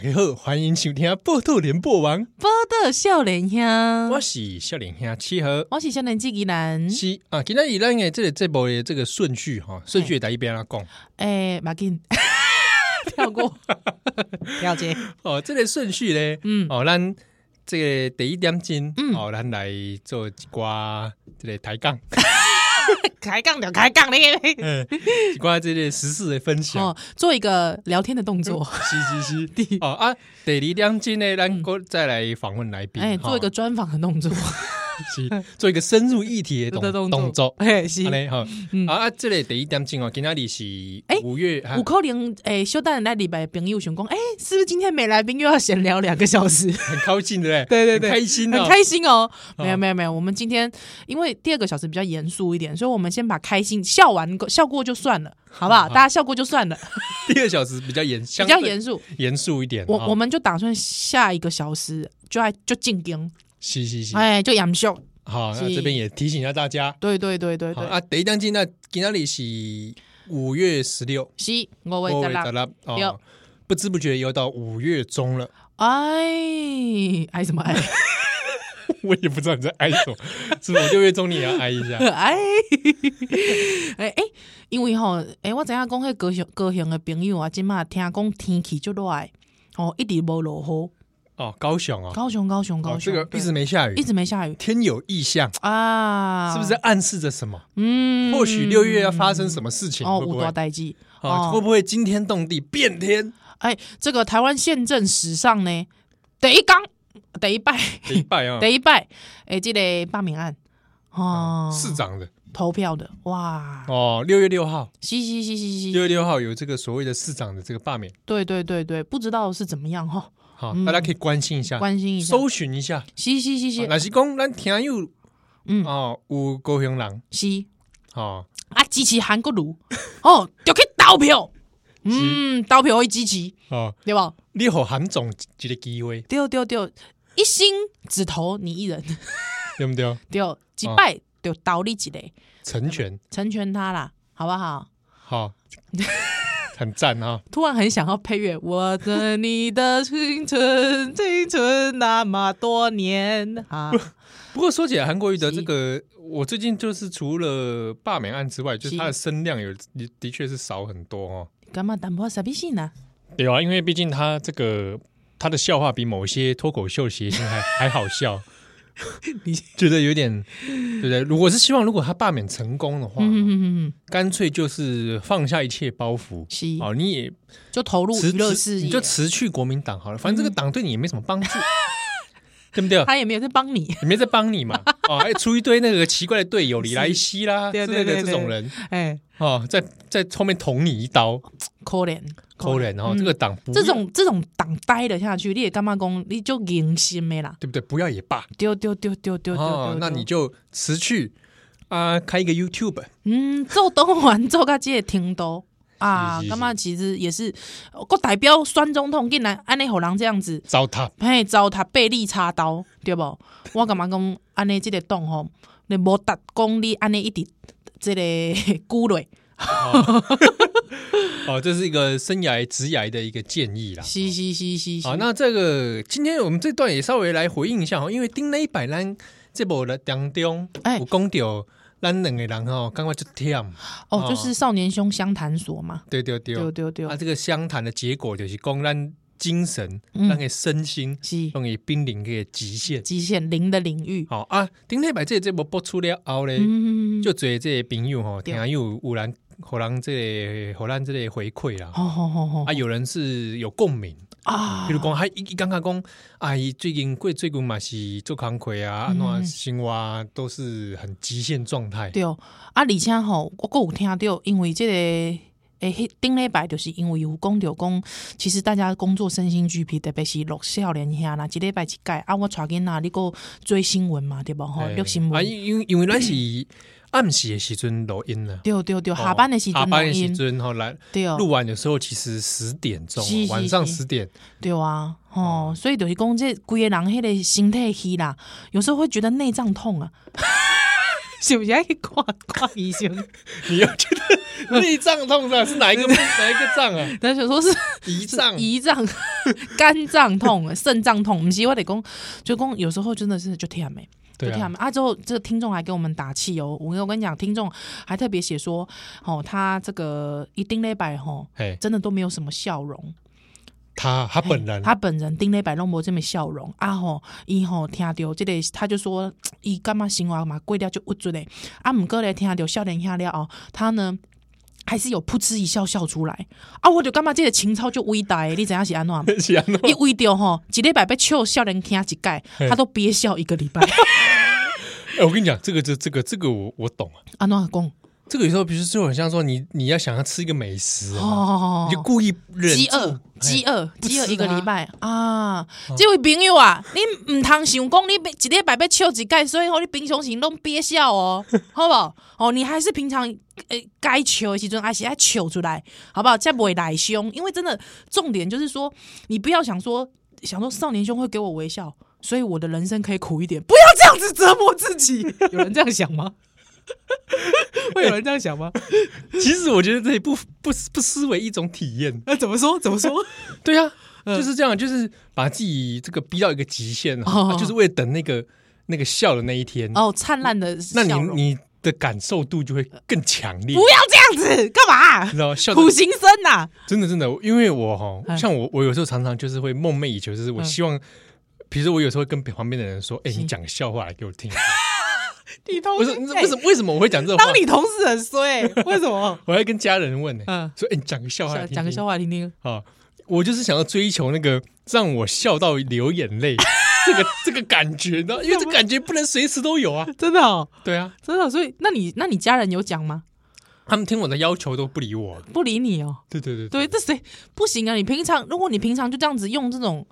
大家好，歡迎收聽，聽《寶島聯播網》，寶島少年兄，我是少年兄七，七號，我是少年七吉男。是啊，今天吉咱誒，這個這波的這個順序哈，順序在一邊啊講。誒、欸，馬金 跳過， 了解。哦，這個順序呢？嗯，哦，咱這個第一點進，嗯，哦，咱來做一寡這個台槓。 開槓了，開槓了！嗯，關於這些時事的分享，哦，做一個聊天的動作。嗯，是是是。 哦啊，得了一張呢，咱再來訪問來賓。哎，欸，做一個專訪的動作。好 做一個深入議題的動作，嘿作，是嘞，好，嗯、好，啊，這裡、個、第一點勁哦，今天你是，哎、欸，五月五號零，哎、欸，小蛋那禮拜朋友想說哎，是不是今天沒來賓又要閒聊兩個小時？很高興對不對？對對對，開心，很開心哦、喔喔喔。沒有沒有沒有，我們今天因為第二個小時比較嚴肅一點，所以我們先把開心笑完笑過就算了，好不好？好好，大家笑過就算了，第二小時比較嚴，比較嚴肅，嚴肅一點，我我們就打算下一個小時就就進兵。是是是，是是，哎，就楊秀。好，那這邊也提醒一下大家。對對對對對。啊，第一張機那今天是五月十六。是，我我我得。哦，對不知不覺又到五月中了。哎，哎什麼哎？ 我也不知道你在哎什麼，是不？五月中你也要哎一下。哎哎，唉， 因為哈，哎，我怎樣講？那高雄高雄的朋友啊，今嘛聽講天氣遮熱，哦，一直無落雨。哦，高雄啊，高雄，高雄，高雄，這個一直沒下雨，一直沒下雨。天有異象啊，是不是在暗示着什麼？嗯，或許六月要發生什麼事情？哦，五多待機，會不會驚天動地變天？哎，這個台灣憲政史上呢，第一剛，第一拜，第一拜，啊，第一拜，哎，這個罷免案，哦，市長的投票的，哇，哦，六月六號，是是是是是，六月六號有這個所謂的市長的這個罷免，對對對對，不知道是怎麼樣哈。好，大家可以關心一下，關心一下，搜尋一下。是是是，是，那是講咱聽有，嗯哦，有高雄人是哦，啊，支持韓國瑜哦，就去投票，嗯，投票可以支持哦，對吧？你和韓總一個機會，對對對，一心只投你一人，對不對？對，一拜就投你一個，成全成全他啦，好不好？好。很讚啊！哦、突然很想要配樂。我跟你的青春，青春那麼多年啊不。不過說起來，韓國瑜的這個，是我最近就是除了罷免案之外，是就是他的聲量有的確是少很多哦。幹嘛打破神秘性呢？對啊，因為畢竟他這個他的笑話比某些脫口秀諧星還 還好笑。 你覺得有點對不對？我是希望，如果他罷免成功的話，嗯、哼哼哼，乾脆就是放下一切包袱，哦是，你也就投入、啊、你就辭去國民黨好了，反正這個黨對你也沒什麼幫助。嗯 對不對？他也沒有在幫你，也沒在幫你嘛。哦，還出一堆那個奇怪的隊友，李來希啦，對對對，這種人。哎，哦，在在後面捅你一刀，可憐可憐。然後這個黨，這種這種黨待了下去，你也幹嘛工？你就良心沒了，對不對？不要也罷，丢丢丢丢丢丢。哦，那你就辭去啊，開一個 YouTube。嗯，做東環做個，這也挺多。啊，幹嘛？其實也是，我代表川總統，竟然安尼，荷人這樣子糟蹋，嘿，糟蹋背利插刀，對不？我幹嘛講安內這個洞吼？說你無達功力安內一直，這個骨累。哦， 哦，這是一個生涯職涯的一個建議啦。嘻嘻嘻嘻。好、哦，那這個今天我們這段也稍微來回應一下哈，因為丁磊擺爛這波的當中，哎，有講到。咱兩個人吼，感覺著甜。哦，就是少年兄相談所嘛、哦。對對對對，對對。啊，這個相談的結果就是講咱精神、嗯、咱的身心，容易是瀕臨的極限。極限零的領域。好、哦、啊，今天把這這部播出了後呢，哦嘞、嗯，嗯、就最這些朋友吼，對聽下有無人可能這類、可能這類回饋啦。哦哦哦哦。哦哦啊，有人是有共鳴。啊，啊，比如講，還一感覺講，阿姨最近過，最近嘛是做工課啊，怎、嗯、生活啊，都是很極限狀態。對啊，而且吼，我閣有聽到，因為這個。迄頂禮拜就是因為有講着講，其實大家工作身心俱疲，特別是六、少年兄啦，一禮拜一改啊！我帶囡仔啦，你閣追新聞嘛，對無吼，追、欸、新聞。啊，因因為咱是暗時的時陣錄音了 對對對，下班的時候、哦，下班的時陣哈來。對、哦。錄、哦、完的時候，其實十點鐘，是是是晚上十點。對啊吼、哦。所以就是講這規個人迄個身體虛啦，有時候會覺得內臟痛啊。 是不是要去以掛掛醫生？ 你又覺得胃脹痛的，是哪一個？ 哪一個脹啊？他就說是胰臟臟，胰臟，肝臟痛，腎臟痛。不是我得講，就講、是、有時候真的是的、啊、就聽甜美，就聽甜美啊！之後這個聽眾還給我們打氣哦，我我跟你講，聽眾還特別寫說，哦，他這個一定嘞擺吼，嘿真的都沒有什麼笑容。他他本人，欸、他本人頂禮拜攏無這麼笑容啊吼，伊吼聽着，即、這個他就說，伊感覺生活嘛，過掉就惡做嘞，啊毋過嘞聽着，少年兄了哦，他呢還是有噗嗤一笑笑出來啊，我就感覺這個情操就偉大，你知道怎樣嗎是安怎啊？伊為着吼，一禮拜被笑少年兄一改，他都憋笑一個禮拜、 欸。我跟你講，這個這這個這個，這個、我我懂啊。安怎阿這個有時候，比如說，就很像說你，你你要想要吃一個美食，哦，你就故意忍飢餓，飢餓、哎，飢餓一個禮拜啊！啊這位朋友啊，你唔通想講你一日白白笑幾屆，所以好你平常時都憋笑哦，好不好？ 哦，你還是平常該求笑的時就阿喜，要笑出來，好不好？再未來凶因為真的重點就是說，你不要想說，想說少年兄會給我微笑，所以我的人生可以苦一點，不要這樣子折磨自己。 有人這樣想嗎？ 會有人這樣想嗎？其實我覺得這也不不不失為一種體驗。那怎麼說？怎麼說？對啊，就是這樣，就是把自己這個逼到一個極限，就是為了等那個那個笑的那一天哦，燦爛的。那你你的感受度就會更強烈。不要這樣子，幹嘛？你知道，苦行僧吶！真的真的，因為我哈，像我我有時候常常就是會夢寐以求，就是我希望，比如說我有時候會跟旁邊的人說：“哎，你講個笑話來給我聽。”你同事為什麼為什麼我會講這種？當你同事很衰、欸，為什麼？ 我還跟家人問呢、欸？嗯、啊，說你講、欸、個笑話聽聽，講個笑話聽聽。好，我就是想要追求那個讓我笑到流眼淚 這個這個感覺呢、啊，因為這感覺不能隨時都有啊，真的、喔。對啊，真的、喔。所以，那你那你家人有講嗎？他們聽我的要求都不理我，不理你哦、喔。對，對對對對，對這誰不行啊？你平常如果你平常就這樣子用這種。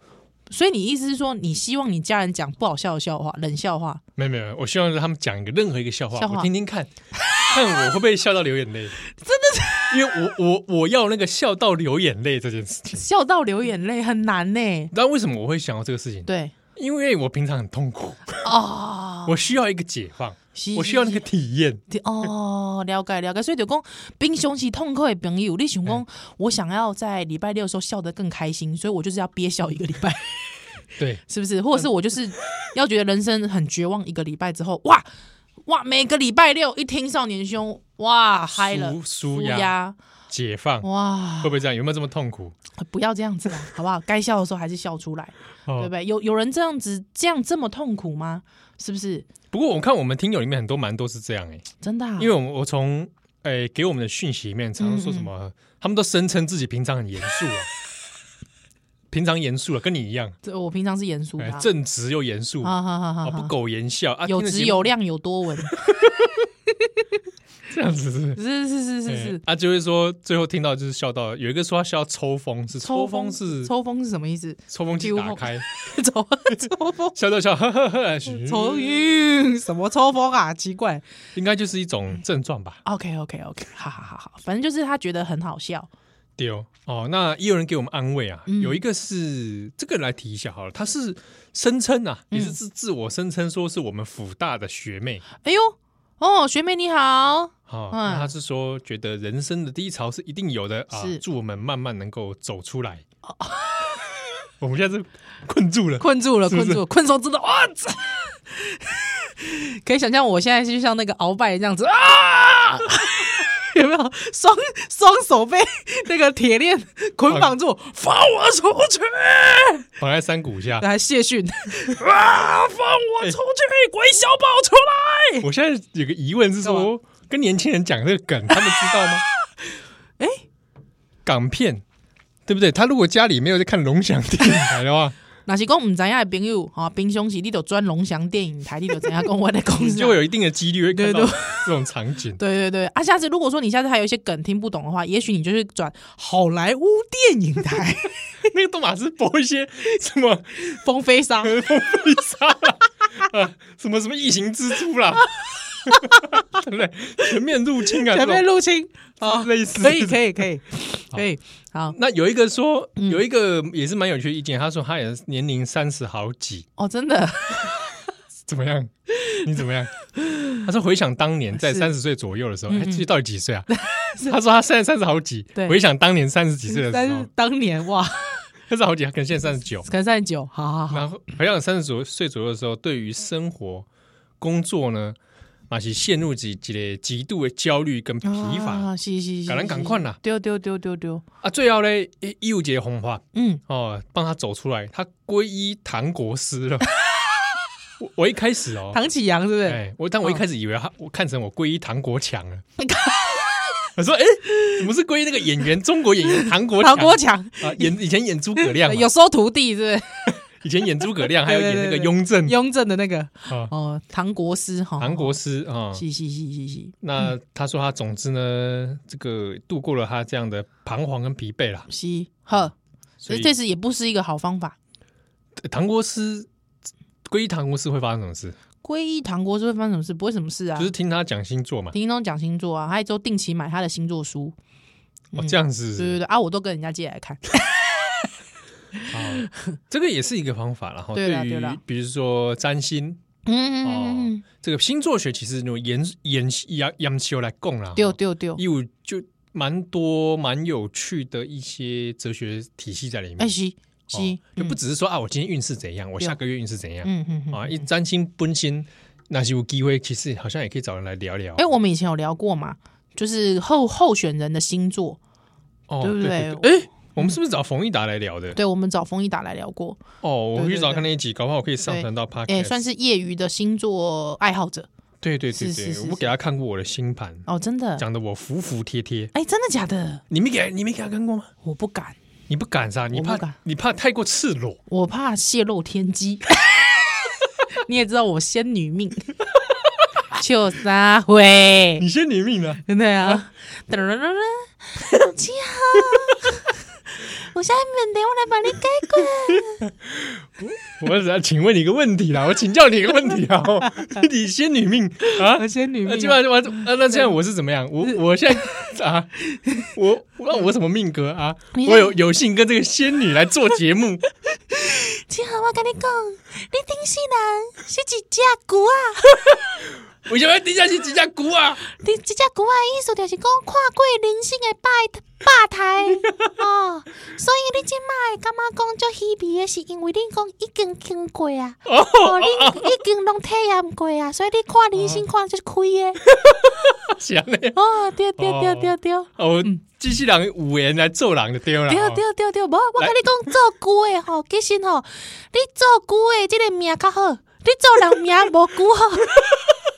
所以你意思是說，你希望你家人講不好笑的笑話，冷笑話？沒有沒有，我希望他們講一個任何一個笑話，笑話，我聽聽看看我會不會笑到流眼淚？ 真的是，因為我我我要那個笑到流眼淚這件事情，笑到流眼淚很難呢、欸。你知道為什麼我會想到這個事情？對，因為我平常很痛苦啊，oh. 我需要一個解放。是我需要那個體驗哦，了解了解，所以就講，冰窮是痛快的朋友。嗯、你想講，我想要在禮拜六的時候笑得更開心，所以我就是要憋笑一個禮拜，對，是不是？或者是我就是要覺得人生很絕望一個禮拜之後，哇哇，每個禮拜六一聽《少年兄》，哇舒嗨了，舒壓。解放哇！會不會這樣？有沒有這麼痛苦？不要這樣子了，好不好？該笑的時候還是笑出來，對不對？有有人這樣子這樣這麼痛苦嗎？是不是？不過我看我們聽友裡面很多蠻都是這樣哎，真的啊。因為我們我從誒給我們的訊息裡面，常常說什麼，他們都聲稱自己平常很嚴肅，平常嚴肅了，跟你一樣。這我平常是嚴肅，正直又嚴肅，不苟言笑，有直有量有多文。這樣子是是是是是是，啊，就會說最後聽到就是笑到有一個說他笑到抽風，是抽風是抽風是什麼意思？抽風機打開，抽抽風，笑到笑呵呵呵抽頭什麼抽風啊？奇怪，應該就是一種症狀吧？OK OK OK，好好好哈。反正就是他覺得很好笑。對哦，那也有人給我們安慰啊，有一個是這個來提一下好了，他是聲稱啊，也是自自我聲稱說是我們輔大的學妹。哎呦。哦，學妹你好，好、哦，那他是說覺得人生的低潮是一定有的啊是、呃，祝我們慢慢能夠走出來。 我們現在是困住了，困住了，困住，困獸之鬥啊！ 可以想象，我現在就像那個鰲拜這樣子啊。 有沒有雙雙手被那個鐵鏈捆綁住？啊、放我出去！綁在山谷下，來，謝遜！啊！放我出去！欸、鬼小寶出來！我現在有個疑問是說，嘛跟年輕人講這個梗，他們知道嗎？哎、啊、欸、港片，對不對？他如果家裡沒有在看龍祥電影台的話。啊那是講唔知道的朋友，哈，平常時你就轉龍祥電影台，你就怎樣公關的公司， 你就會有一定的幾率會看到這種場景。 對,對對對，啊，下次如果說你下次還有一些梗聽不懂的話，也許你就是轉好萊塢電影台， 那個都嘛是播一些什麼《 風飛沙》《 風飛沙》。 什麼什麼異形蜘蛛啦，對不對？全面入侵啊，全面入侵，哦，類似，可以可以可以可以，好。那有一個說，有一個也是蠻有趣的意見，他說他也是年齡三十好幾，哦，真的，怎麼樣？你怎麼樣？他說回想當年在三十歲左右的時候，哎，自己到底幾歲啊？他說他現在三十好幾，回想當年三十幾歲的時候，當年哇。三十好幾，跟現在三十九，可能三十九，好好好。然後培養三十左歲左右的時候，對於生活、工作呢，也是陷入極極的極度的焦慮跟疲乏，趕趕趕快啦，丢丢丢丢丟啊！最後呢，欸、有一又一個方法，嗯哦，幫他走出來，他皈依唐國師了。我我一開始哦，唐綺陽是不是？哎、欸，我但我一開始以為他，我看成我皈依唐國強了。你看我說：“哎，怎麼是歸那個演員？中國演員，唐國強唐國強啊，演以前演諸葛亮，有收徒弟是不是？以前演諸葛，葛亮，還有演那個雍正，對對對對雍正的那個哦，哦，唐國師哈，哦、唐國師啊，嘻嘻嘻嘻嘻。哦、那、嗯、他說他，總之呢，這個度過了他這樣的彷徨跟疲憊了，嘻呵，所以這次也不是一個好方法。以”唐國師。歸一堂國是會發生什麼事？歸一堂國是會發生什麼事？不會什麼事啊，就是聽他講星座嘛，聽他講星座啊，他一周定期買他的星座書。哦、嗯，這樣子，對對對啊，我都跟人家借來看。啊 這個也是一個方法然哈。 對了對了，比如說占星，嗯，哦，這個星座學其實用研研養養來講啦，丟丟丟，有就蠻多蠻有趣的一些哲學體系在裡面。欸就不只是說啊，我今天運勢怎樣，我下個月運勢怎樣。嗯嗯啊，一沾星、奔心，那是有機會其實好像也可以找人來聊聊。哎，我們以前有聊過嘛？就是候候選人的星座，對不對？哎，我們是不是找馮一達來聊的？對，我們找馮一達來聊過。哦，我去找他那一集，搞不好我可以上傳到 Podcast。也算是業餘的星座愛好者。對對對對，我給他看過我的星盤。哦，真的？講的我服服帖帖。哎，真的假的？你沒給？你沒給他看過嗎？我不敢。你不敢噻，你怕你怕，你怕太過赤裸，我怕洩露天機。 你也知道我仙女命， 就三回，你仙女命啊，真的啊，啊 我現在面對我來把你改過。我要請問你一個問題啦，我請教你一個問題啊，你仙女命啊？我仙女命啊，那這樣我是怎麼樣？我我現在啊，我我我什麼命格啊？我有有幸跟這個仙女來做節目。請好你很， 我跟你講，你聽西男是幾家古啊。 為什麼真正是只只句啊？這只句啊，意思就是講跨過人生的百百態哦。所以你真歹，感覺講足稀微的？是因為你講已經經過啊，哦，恁已經攏體驗過啊。所以你看人生看就是虧的。是啊，呢哦，對對對對對。哦，機器人五元來做人就對了。對對對對，無我跟你講做句啊，哦，記性哦，你做句誒，這個名較好，你做人名無句好。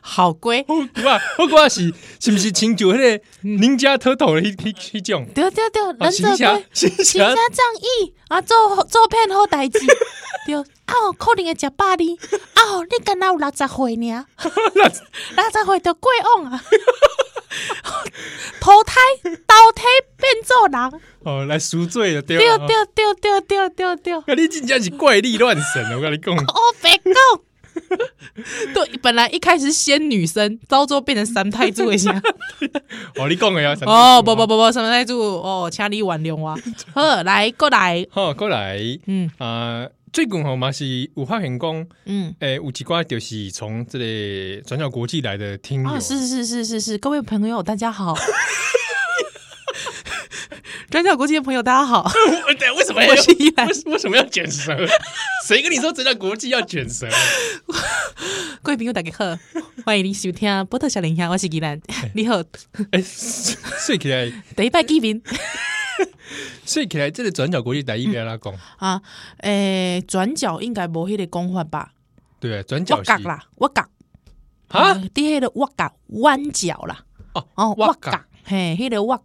好鬼！我我是是不是親像迄個寧家偷盜的迄迄種？對對對，寧德貴，行俠仗義啊，做做騙好代志，對啊，可能會食飽哩啊，你敢那有六十歲呢？六十歲就過往啊！投胎倒胎變做人哦，來贖罪了！對對對對對對對！那你真正是怪力亂神哦，我跟你講哦，別講。 對，本來一開始先女生，招最後變成三太住一下。哦，你講的呀？哦，不不不不，三太住哦，請你原諒我！好來過來，好過來，嗯啊、呃，最近齁也是有發現說，嗯，誒、欸，有幾個就是從這個轉角國際來的聽友、啊，是是是是是，各位朋友，大家好。 轉角國際的朋友，大家好！對，為什麼我是伊蘭，為什麼要卷舌？誰跟你說轉角國際要卷舌？各位朋友，大家好，歡迎你收聽波特少年兄，我是伊蘭，你好。哎，睡起來！第一班貴賓，睡起來，這裡轉角國際第一班啦，講啊，誒，轉角應該無迄個講法吧？對，轉角挖啦，挖，哈，底迄個挖，挖彎角啦。哦哦，挖，嘿，迄個挖。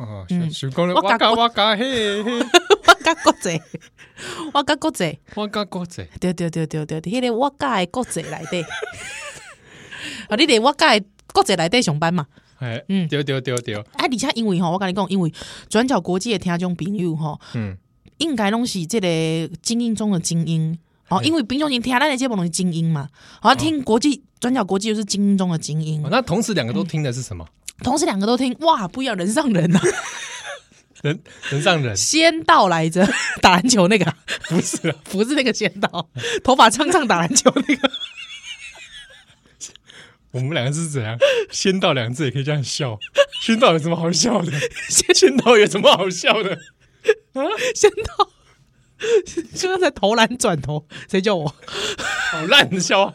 哦，想講咧，我甲我甲嘿，我甲國際，我甲國際，我甲國際，對對對對對，迄個我甲國際內底。啊，你佇我甲國際內底上班嘛，哎，對對對對，啊，而且因為吼，我甲你講，因為轉角國際的聽眾朋友吼，嗯，應該攏是即個精英中的精英哦，因為平常人聽咱的節目攏是精英嘛，好聽國際轉角國際又是精英中的精英，那同時兩個都聽的是什麼？同時兩個都聽哇，不要人上人啊，人人上人，仙道來着打籃球那個不是、啊、不是那個仙道頭髮長長打籃球那個，我們兩個是怎樣？仙道兩個字也可以這樣笑，仙道有什麼好笑的？仙道有什麼好笑的？仙道啊仙道，現在在投籃轉頭誰叫我好爛笑啊！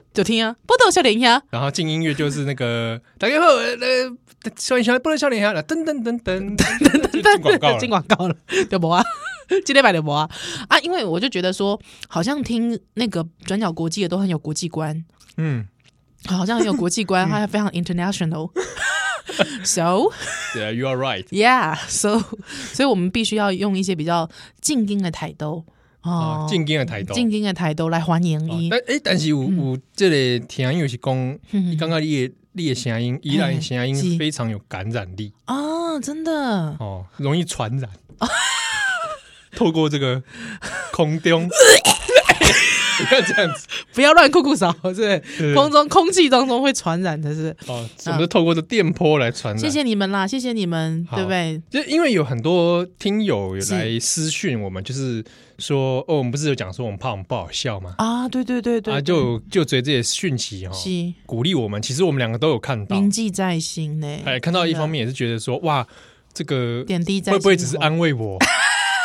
就聽啊，波笑小林呀、啊，然後進音樂就是那個打開後呃，笑小林小波多小林呀，噔噔噔噔噔噔，進廣告了，進廣告了，點播啊，今天買點播啊啊，因為我就覺得說，好像聽那個轉角國際的都很有國際觀，嗯、啊，好像很有國際觀，它、嗯、非常 international，so yeah you are right yeah so，所以我們必須要用一些比較靜音的台豆。哦，正經的態度，正經的態度來歡迎你。哎、哦欸，但是我我、嗯、這裡聽友是講，你剛剛你的你的聲音，你的聲音，音非常有感染力，欸、哦真的哦，容易傳染。啊，啊透過這個空中。啊 不要這樣子，不要亂哭哭騷，這空中空氣當中會傳染的，是哦。我們就透過這電波來傳染。謝謝你們啦，謝謝你們，對不對？就因為有很多聽友來私訊我們，就是說，哦，我們不是有講說我們怕我們不好笑嗎？啊，對對對對，就就覺得這些訊息哦，鼓勵我們。其實我們兩個都有看到，銘記在心呢。哎，看到一方面也是覺得說，哇，這個點滴會不會只是安慰我？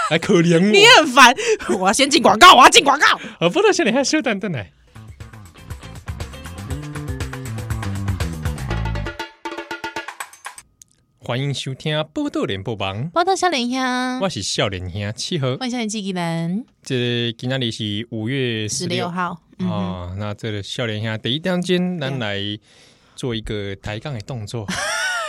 還可憐你很煩！ 我要先進廣告，我要進廣告。呃，寶島少年兄還笑蛋蛋呢。歡迎收聽《寶島聯播網》，寶島少年兄，我是少年兄七和。問一下經紀人，這今天是五月十六號啊，嗯哦。那這個少年兄，等一當間，來做一個抬槓的動作。嗯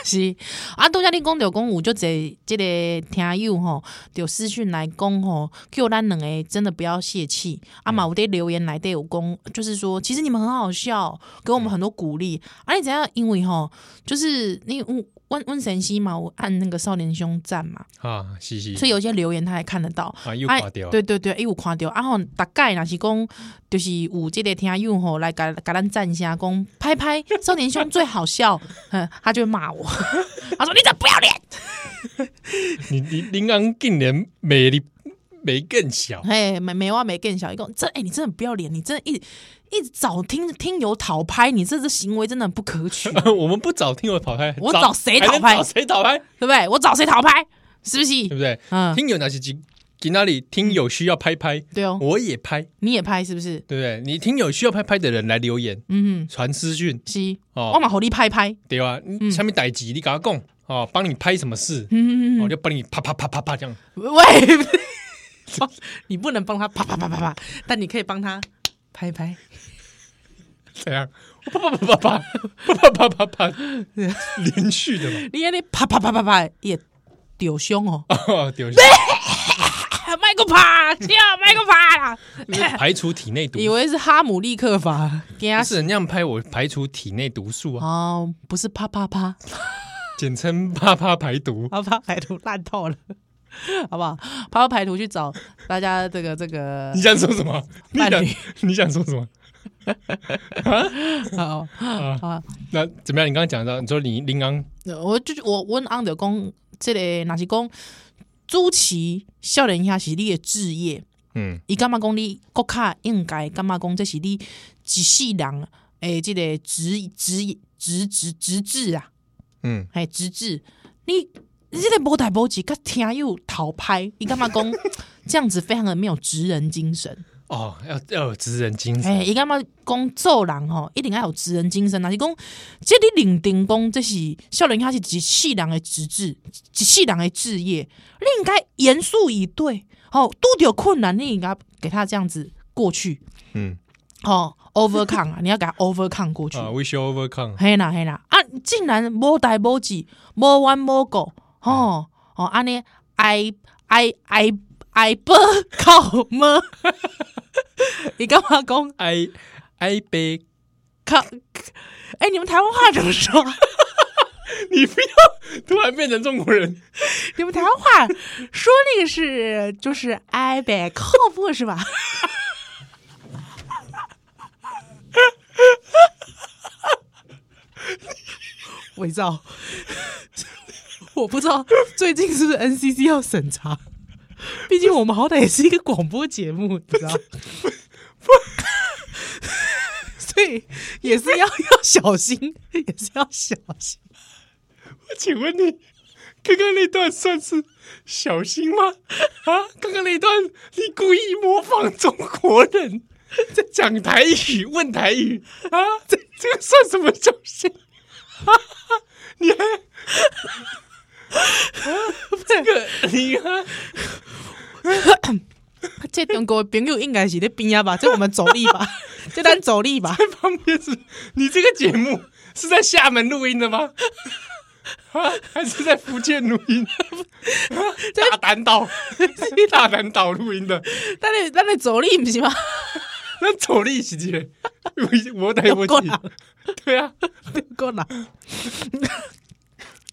是啊，拄才你講着講有足濟這個聽友吼、哦，就私訊來講吼、哦，叫咱兩個真的不要泄氣。嗯、啊。嘛我得留言內底有講，就是說，其實你們很好笑，給我們很多鼓勵。而且怎樣，因為吼、哦，就是你有。阮阮先生嘛，我按那個少年兄讚嘛，啊，是是，所以有些留言他還看得到，啊，又掛掉、啊，對對對，伊有看到，然後大概若是講，就是有這個聽友吼來甲甲咱讚一下，講拍拍少年兄最好笑，哼、 嗯，他就罵我，他說 你怎麼不要臉，你你林安竟然美麗。你沒更小，哎，沒沒挖，沒更小。一共這，哎，你真的很不要臉，你真一一直找聽聽友討拍，你這這行為真的很不可取。我們不找聽友討拍，我找誰討拍？找誰討拍？對不對？我找誰討拍？是不是？對不對？嗯。聽友那些機？在那裡？聽友需要拍拍？對哦，我也拍，你也拍，是不是？對不對？你聽友需要拍拍的人來留言，嗯哼，傳私訊，哦，我馬火力拍拍，對啊，下面逮集，你趕快講哦，幫你拍什麼事？嗯，我就幫你啪啪啪啪啪這樣。喂。你不能幫他啪啪啪啪啪，但你可以幫他拍一拍。怎樣？啪啪啪啪啪，啪啪啪啪連續的嘛。你那裡啪啪啪啪啪，也丟胸哦。丟凶，胸。買個啪，叫買個啪。排除體內毒，以為是哈姆利克法。不是那樣拍，我排除體內毒素啊。哦，不是啪啪啪。簡稱啪啪排毒。啪啪排毒爛透了。好不好？跑到排圖去找大家這個這個。你想說什麼？你想你想說什麼？ 啊好啊好。啊好好那怎麼樣？你剛剛講到，你說你林剛，我就我問昂德公，即、這個那是講主持少年下是你的職業，嗯，伊幹嘛講你國卡應該幹嘛講這是你只世人，誒，即個職直直職職職,職,職啊，嗯，哎，職直你。你現在無代無誌，佮聽又逃拍，你幹嘛講這樣子？非常的沒有職人精神哦！要要有職人精神，誒、 哦，伊幹嘛講做人吼？一定要有職人精神啦！是講這裡認定講，這個、這是少年他是一世人的職志，一世人的職業，你應該嚴肅以對。吼、哦，拄着困難，你應該給他這樣子過去。嗯，吼 overcome 啊！Come, 你要給他 overcome 過去，we 啊 should overcome。嘿啦嘿啦，啊，竟然無代無誌，無緣無故。哦哦，啊，你 i i i i back 靠嗎？ 你干嘛講 i i back 靠？哎，你們台灣話怎麼說？ 你不要突然變成中國人，你們台灣話說那個是就是 i back 靠步是吧？偽造。我不知道最近是不是 NCC 要審查，畢竟我們好歹也是一個廣播節目，不是你知道，不不不 所以也是要要小心，也是要小心。我請問你，剛剛那段算是小心嗎？啊，剛剛那段你故意模仿中國人在講台語，問台語啊，這這個算什麼小心？啊？你還？ 這個你啊，這中國的朋友應該是在旁邊啊吧？這我們助力吧，這咱助力吧。旁邊是，你這個節目是在廈門錄音的嗎？還是在福建錄音？大嶝島，大嶝島錄音的。但是但是助力不是嗎？那助力是的，我已經我帶過去。對呀，夠了。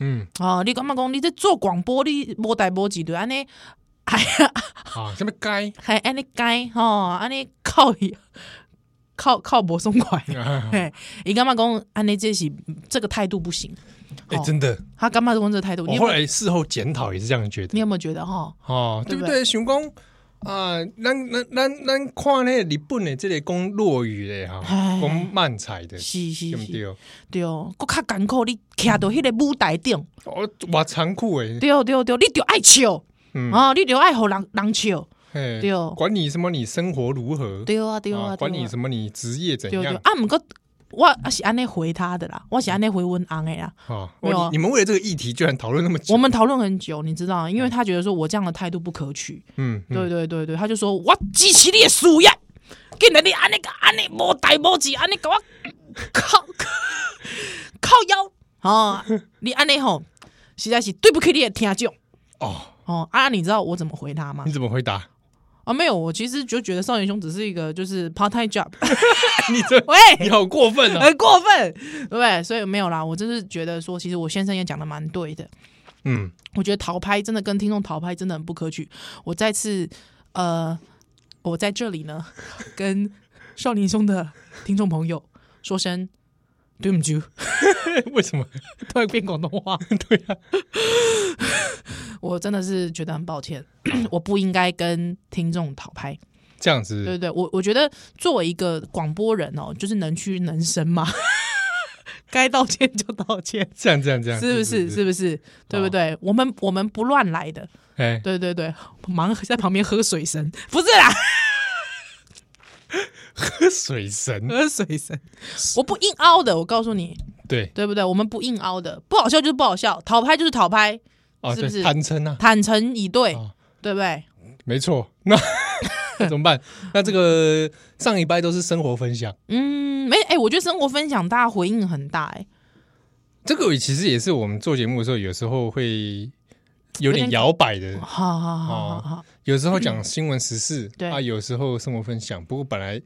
嗯，哦，你幹嘛講？你這做廣播，你無代無誌對安尼，哎呀，什麼、啊、改？還安尼改？吼、哦，安尼靠，靠，靠靠，不爽快。哎、啊，你幹嘛講安尼？這是這個態度不行。誒、欸，真的。哦、他幹嘛講這態度？你後來事後檢討也是這樣覺得。你有，有你有沒有覺得吼？哦，哦對不對？熊工。啊，咱咱咱咱看那個日本的，這個講落語的哈，講漫才的，是是是，對哦，閣較艱苦哩，站到迄個舞台頂，哦，哇，殘酷哎，對哦對哦對哦，你得愛笑，哦，你得愛讓人人笑，對哦，管你什麼你生活如何，對啊對啊，管你什麼你職業怎樣，啊毋過。我是安內回他的啦，我是安內回問阿內啦。哦，你有、啊、你們為了這個議題居然討論那麼久？我們討論很久，你知道，嗯、因為他覺得說我這樣的態度不可取。嗯，嗯，對對對對，他就說：“我支持你的主意，你跟你安內個安內無大無小，安內搞我靠靠腰哦，你安內吼實在是對不起你的聽眾哦哦啊，你知道我怎麼回他嗎？你怎麼回答？啊，沒有，我其實就覺得少年兄只是一個就是 part time job。 你這喂，你好過分啊！很過分，對不對？所以沒有啦，我就是覺得說，其實我先生也講的蠻對的。嗯，我覺得逃拍真的跟聽眾逃拍真的很不可取。我再次，呃，我在這裡呢，跟少年兄的聽眾朋友說聲對不起。為什麼突然變廣東話？ 對啊，我真的是覺得很抱歉， 我不應該跟聽眾逃拍。這樣子，對對我我覺得作為一個廣播人哦，就是能屈能伸嘛，該道歉就道歉，這樣這樣這樣，是不是是不是？對不對？我們我們不亂來的，哎，對對對，忙在旁邊喝水神，不是啦，喝水神喝水神，我不硬凹的，我告訴你，對對不對？我們不硬凹的，不好笑就是不好笑，討拍就是討拍，啊，是不是？坦誠啊，坦誠以對，對不對？沒錯，那。怎麼辦？那這個上禮拜都是生活分享，嗯，沒、欸、哎、欸，我覺得生活分享大家回應很大哎、欸。這個其實也是我們做節目的時候，有時候會有點搖擺的，點哦、好好好好有時候講新聞時事，對、嗯、啊，有時候生活分享。對不過本來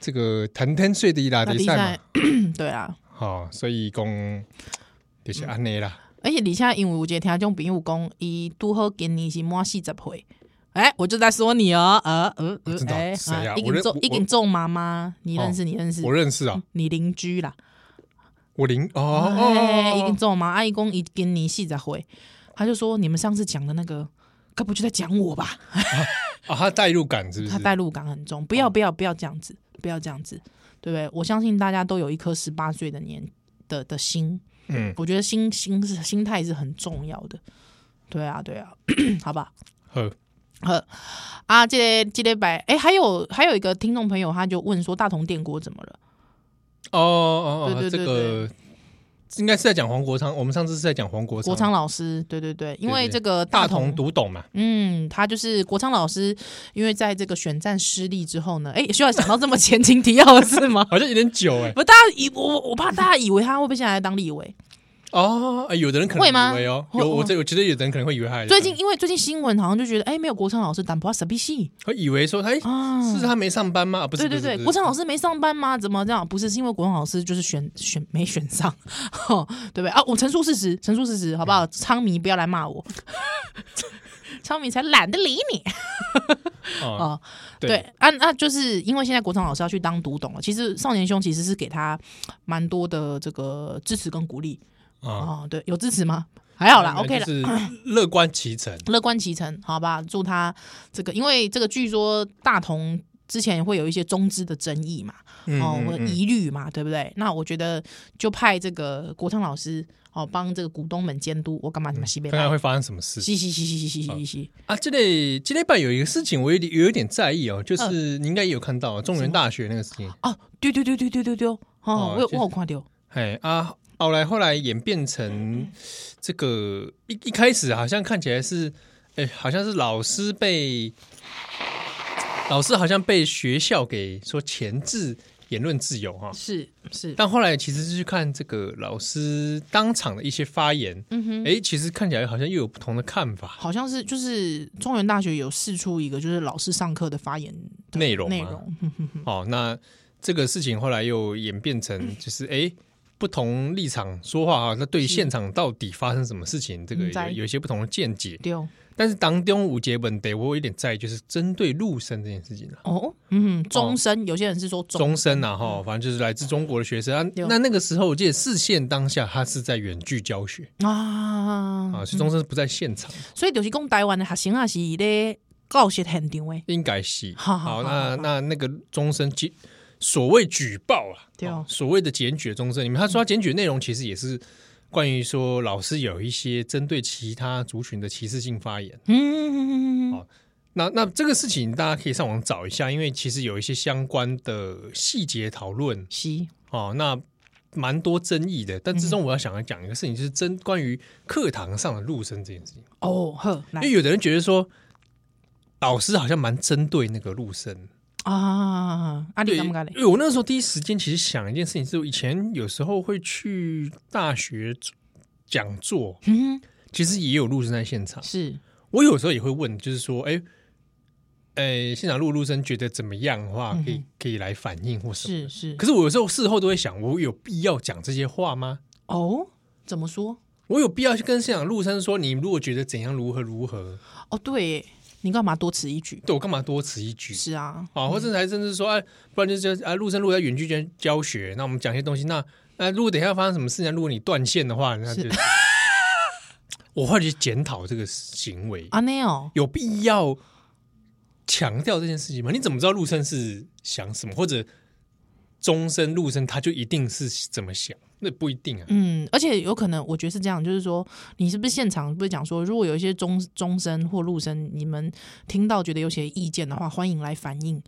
這個談天說地，地 對啦，對啊，好，所以講就是安內啦、嗯。而且你現在因為有些聽眾朋友講，伊拄好今年是滿四十歲。哎，我就在說你哦，呃呃呃，誰啊？已經做，已經做媽媽，你認識，你認識，我認識啊，你鄰居啦。我鄰哦哦，已經做媽阿姨公一邊你細在回，他就說你們上次講的那個，該不就在講我吧？啊，他代入感，是不是？他代入感很重。不要不要不要這樣子，不要這樣子，對不對？我相信大家都有一顆十八歲的年的的心，嗯，我覺得心心心態是很重要的。對啊，對啊，好吧。好。好啊，記得記得擺，哎，還有還有一個聽眾朋友，他就問說大同電鍋怎麼了？哦哦哦，這個應該是在講黃國昌，我們上次是在講黃國昌國昌老師，對對對，因為這個大同，對對大同讀懂嘛，嗯，他就是國昌老師，因為在這個選戰失利之後呢，哎，需要想到這麼前情提要的事嗎？ 好像有點久哎、欸，不，大家以我我怕大家以為他會不會現在來當立委？哦，有的人可能會、哦、嗎？會哦，有我這我覺得有的人可能會以為害的。最近因為最近新聞好像就覺得，哎、欸，沒有國昌老師當不什麼屁戲，會以為說哎、欸、是他沒上班嗎？不是，對對對，國昌老師沒上班嗎？怎麼這樣？不是，是因為國昌老師就是選選沒選上，對不對啊？我陳述事實，陳述事實好不好？昌、嗯、迷，不要來罵我，昌 迷才懶得理你。啊、 嗯，對，啊啊，就是因為現在國昌老師要去當獨董了，其實少年兄其實是給他蠻多的這個支持跟鼓勵。哦，對，有支持嗎？還好啦，OK 了。樂觀其成，樂觀其成，好吧。祝他這個，因為這個據說大同之前會有一些中資的爭議嘛，哦，疑慮嘛，對不對？那我覺得就派這個國昌老師哦，幫這個股東們監督。我幹嘛什麼西北？看看會發生什麼事？嘻嘻嘻嘻嘻嘻嘻啊！這天今天辦有一個事情，我有點有點在意哦，就是你應該也有看到中原大學那個事情啊？對對對對對對對啊！我有我有看到，嘿啊。後來，後來演變成這個一一開始好像看起來是，哎，好像是老師被老師好像被學校給說箝制言論自由哈。是是。但後來其實是去看這個老師當場的一些發言，嗯哼，哎，其實看起來好像又有不同的看法。好像是就是中原大學有釋出一個就是老師上課的發言的內容內容。 哦，那這個事情後來又演變成就是哎。不同立場說話啊，那對於現場到底發生什麼事情，這個有些不同的見解。但是當中有一個問題對我有點在意，就是針對陸生這件事情呢。哦，嗯，中生有些人是說中生吶哈，反正就是來自中國的學生。那那個時候我記得，視線當下他是在遠距教學啊啊，所以中生不在現場。所以就是講台灣的學生啊，是咧教學現場誒。應該是。好，那那那個中生就。所謂舉報啊，對哦、所謂的檢舉中正你們他說檢舉內容其實也是關於說老師有一些針對其他族群的歧視性發言。嗯,嗯,嗯,嗯，嗯嗯、哦、那那這個事情大家可以上網找一下，因為其實有一些相關的細節討論。是哦，那蠻多爭議的，但之中我要想要講一個事情，嗯、就是真關於課堂上的陸生這件事情。哦呵，因為有的人覺得說老師好像蠻針對那個陸生。啊，對，因為我那時候第一時間其實想一件事情，是我以前有時候會去大學講座，嗯、哼其實也有陸生在現場。是我有時候也會問，就是說，哎、欸，哎、欸，現場陸陸生覺得怎麼樣的話，嗯、哼可以可以來反應或什麼？是是。可是我有時候事後都會想，我有必要講這些話嗎？哦，怎麼說？我有必要去跟現場陸生說，你如果覺得怎樣，如何如何？哦，對。你幹嘛多此一舉？對，我幹嘛多此一舉？是啊，啊，或者甚至還甚至說，哎、啊，不然就就是、啊，陸生如果在遠距離教學，那我們講些東西，那那、啊、如果等一下發生什麼事情，如果你斷線的話，那就是 我會去檢討這個行為啊，沒有、喔、有必要強調這件事情嗎？你怎麼知道陸生是想什麼？或者終身陸生他就一定是怎麼想？那不一定啊。嗯，而且有可能，我覺得是這樣，就是說，你是不是現場不是講說，如果有一些中中生或陸生，你們聽到覺得有些意見的話，歡迎來反映。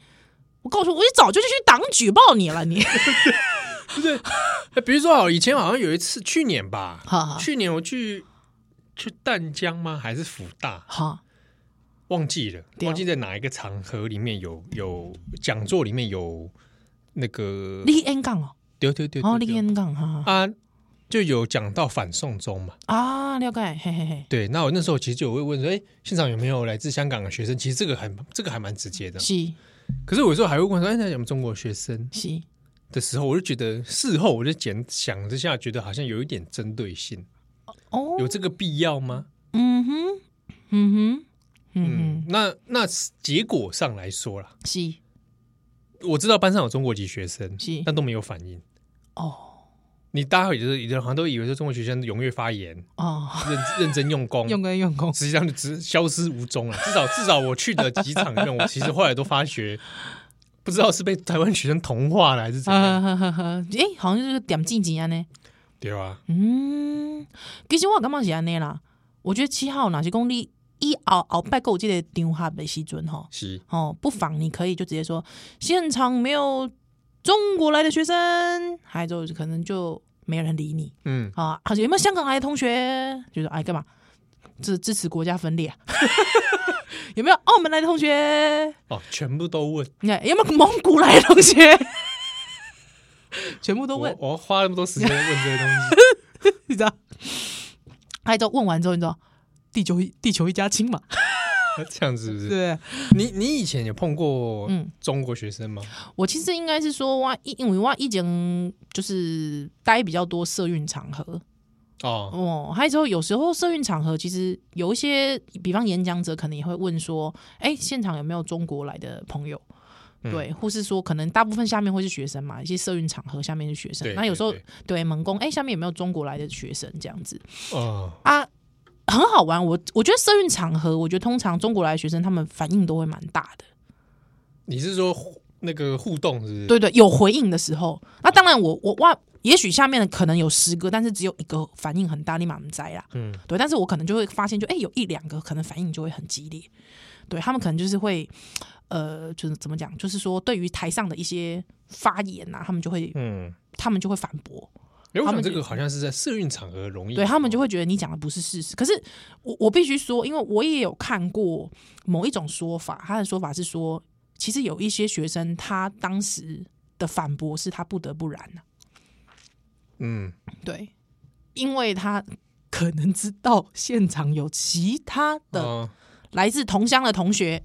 我告訴你，我一早就去去黨舉報你了，你。對。 比如說哦，以前好像有一次，去年吧， 去年我去去淡江嗎？還是輔大？哈， 忘記了，對忘記在哪一個場合裡面有有講座裡面有那個李恩槓哦。對對對，對，哦，你跟人講哈啊，就有講到反送中嘛啊，了解嘿嘿嘿。對，那我那時候其實就會問說，哎，現場有沒有來自香港的學生？其實這個還，這個還蠻直接的。是，可是我有時候還會問說，哎，那有，沒有中國學生？是的時候，是我就覺得事後我就想想着下，覺得好像有一點針對性哦，有這個必要嗎？嗯哼，嗯哼，嗯，哼嗯，那那結果上來說啦，是，我知道班上有中國籍學生，是，但都沒有反應。哦，oh. 你大家也就是好像都以為是中國學生踴躍發言哦，oh. 認認真用功， 用功用功，實際上就只消失無蹤了。至少至少我去的幾場用， 我其實後來都發覺，不知道是被台灣學生同化了還是怎樣。呵哎、uh, huh, huh, huh, huh. 欸，好像就是點晉級安呢？對啊，嗯，其實我感覺是安呢啦，我覺得七號那些公里一熬熬拜夠這個場合的時陣吼，是哦，不妨你可以就直接說現場沒有。中國來的學生，還有就可能就沒人理你，嗯啊，還有有沒有香港來的同學？就是哎幹嘛？支支持國家分裂啊？ 有沒有澳門來的同學？哦，全部都問。你看有沒有蒙古來的同學？ 全部都問我。我花那麼多時間問這些東西， 你知道？還有就問完之後，你知道？地球地球一家親嘛。這樣子是不是？對，你你以前有碰過嗯中國學生嗎？嗯、我其實應該是說我，我因為我以前就是待比較多社運場合哦哦，還有時候有時候社運場合其實有一些，比方演講者可能也會問說，哎、欸，現場有沒有中國來的朋友？嗯、對，或是說可能大部分下面會是學生嘛？一些社運場合下面是學生，對對對，那有時候對門工哎，下面有沒有中國來的學生？這樣子啊、哦、啊。很好玩，我我覺得社運場合，我覺得通常中國來的學生，他們反應都會蠻大的。你是說那個互動是不是？是對對，有回應的時候，啊、那當然我，我我哇，也許下面可能有十個，但是只有一個反應很大，立馬能摘啦。嗯，對，但是我可能就會發現就，就哎，有一兩個可能反應就會很激烈。對，他們可能就是會，呃，就是怎麼講，就是說對於台上的一些發言啊，他們就會，嗯，他們就會反駁。因為他們這個好像是在社運場合容易，他對他們就會覺得你講的不是事實。可是我我必須說，因為我也有看過某一種說法，他的說法是說，其實有一些學生他當時的反駁是他不得不然，嗯，對，因為他可能知道現場有其他的來自同鄉的同學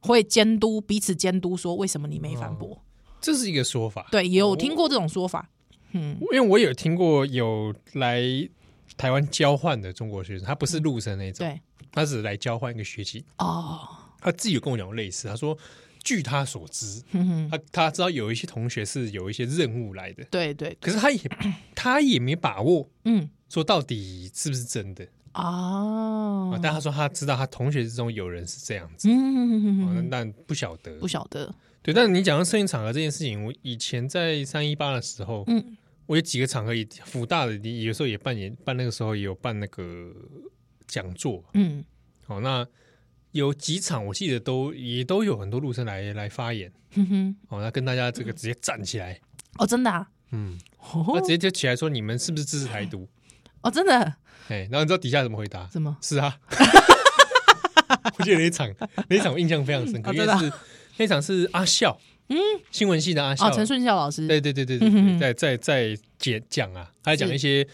會監督，彼此監督，說為什麼你沒反駁？這是一個說法，對，也有聽過這種說法。哦嗯，因為我有聽過有來台灣交換的中國學生，他不是陸生那種，對，他只是來交換一個學期哦。他自己有跟我講類似，他說，據他所知，嗯、哼他他知道有一些同學是有一些任務來的，對，對對。可是他也、嗯、他也沒把握，嗯，說到底是不是真的哦，但他說他知道他同學之中有人是這樣子，嗯哼哼哼、哦，但不曉得，不曉得。對，但你講到攝影場合這件事情，我以前在三一八的時候，嗯。我有幾個場合也，輔大的，有時候也扮演，也辦那個時候也有辦那個講座，嗯，好、哦，那有幾場我記得都也都有很多陸生來來發言，嗯哼，好、哦，那跟大家這個直接站起來，嗯、哦，真的啊，嗯，那、哦啊、直接就起來說你們是不是支持台獨？哦，真的，哎、欸，然後你知道底下怎麼回答？什麼？是啊， 我記得那一場， 那一場我印象非常深刻，嗯哦啊、因為是那一場是阿笑。嗯，新聞系的啊，陳順孝老師，對對對對對，在在在講講啊，他講一些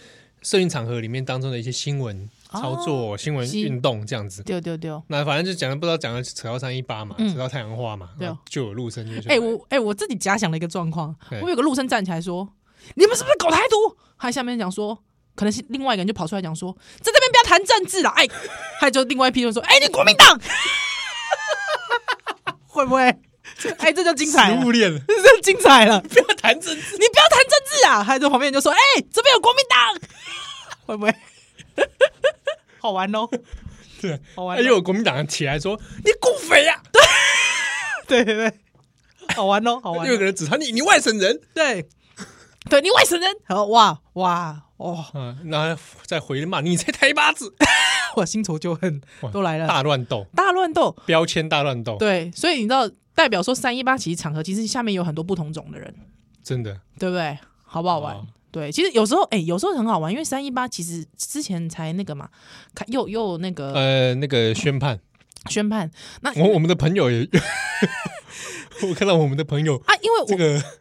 攝影場合裡面當中的一些新聞操作、新聞運動這樣子，對對對。那反正就講的不知道講的扯到三一八嘛，扯到太陽花嘛，對，就有陸生就說，哎我哎我自己假想了一個狀況，我有個陸生站起來說，你們是不是搞台獨？還下面講說，可能是另外一個人就跑出來講說，在這邊不要談政治了，哎，他就另外一批人說，哎你國民黨會不會？哎，這叫精彩！食物鏈這叫精彩了。不要談政治，你不要談政治啊！還有在旁邊就說：“哎，這邊有國民黨，會不會好玩哦？”對，好玩。又有國民黨起來說：“你共匪呀！”對，對對對好玩哦，好玩。又有個人指他：“你你外省人。”對，對你外省人。然後哇哇哦嗯，那再回來罵你，才台巴子，哇，新仇舊恨都來了，大亂鬥，大亂鬥，標籤大亂鬥。對，所以你知道。代表說三一八其實場合其實下面有很多不同種的人，真的對不對？好不好玩？哦、對，其實有時候哎，有時候很好玩，因為三一八其實之前才那個嘛，又又那個呃那個宣判，宣判。那我我們的朋友也， 我看到我們的朋友啊，因為我這